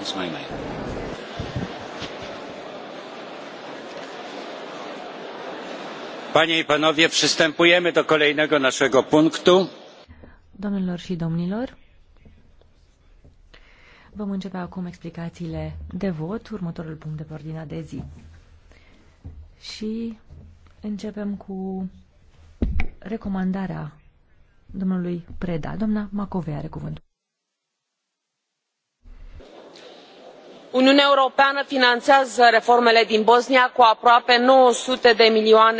Here's my mail. Panie i panowie, przystępujemy do kolejnego naszego punktu. Domnilor și domnilor, vom începe acum explicațiile de vot, următorul punct de pe ordinea de zi. Și începem cu recomandarea domnului Preda. Doamna Macovei are cuvântul. uniunea europeană finanțează reformele din bosnia cu aproape nouă sute de milioane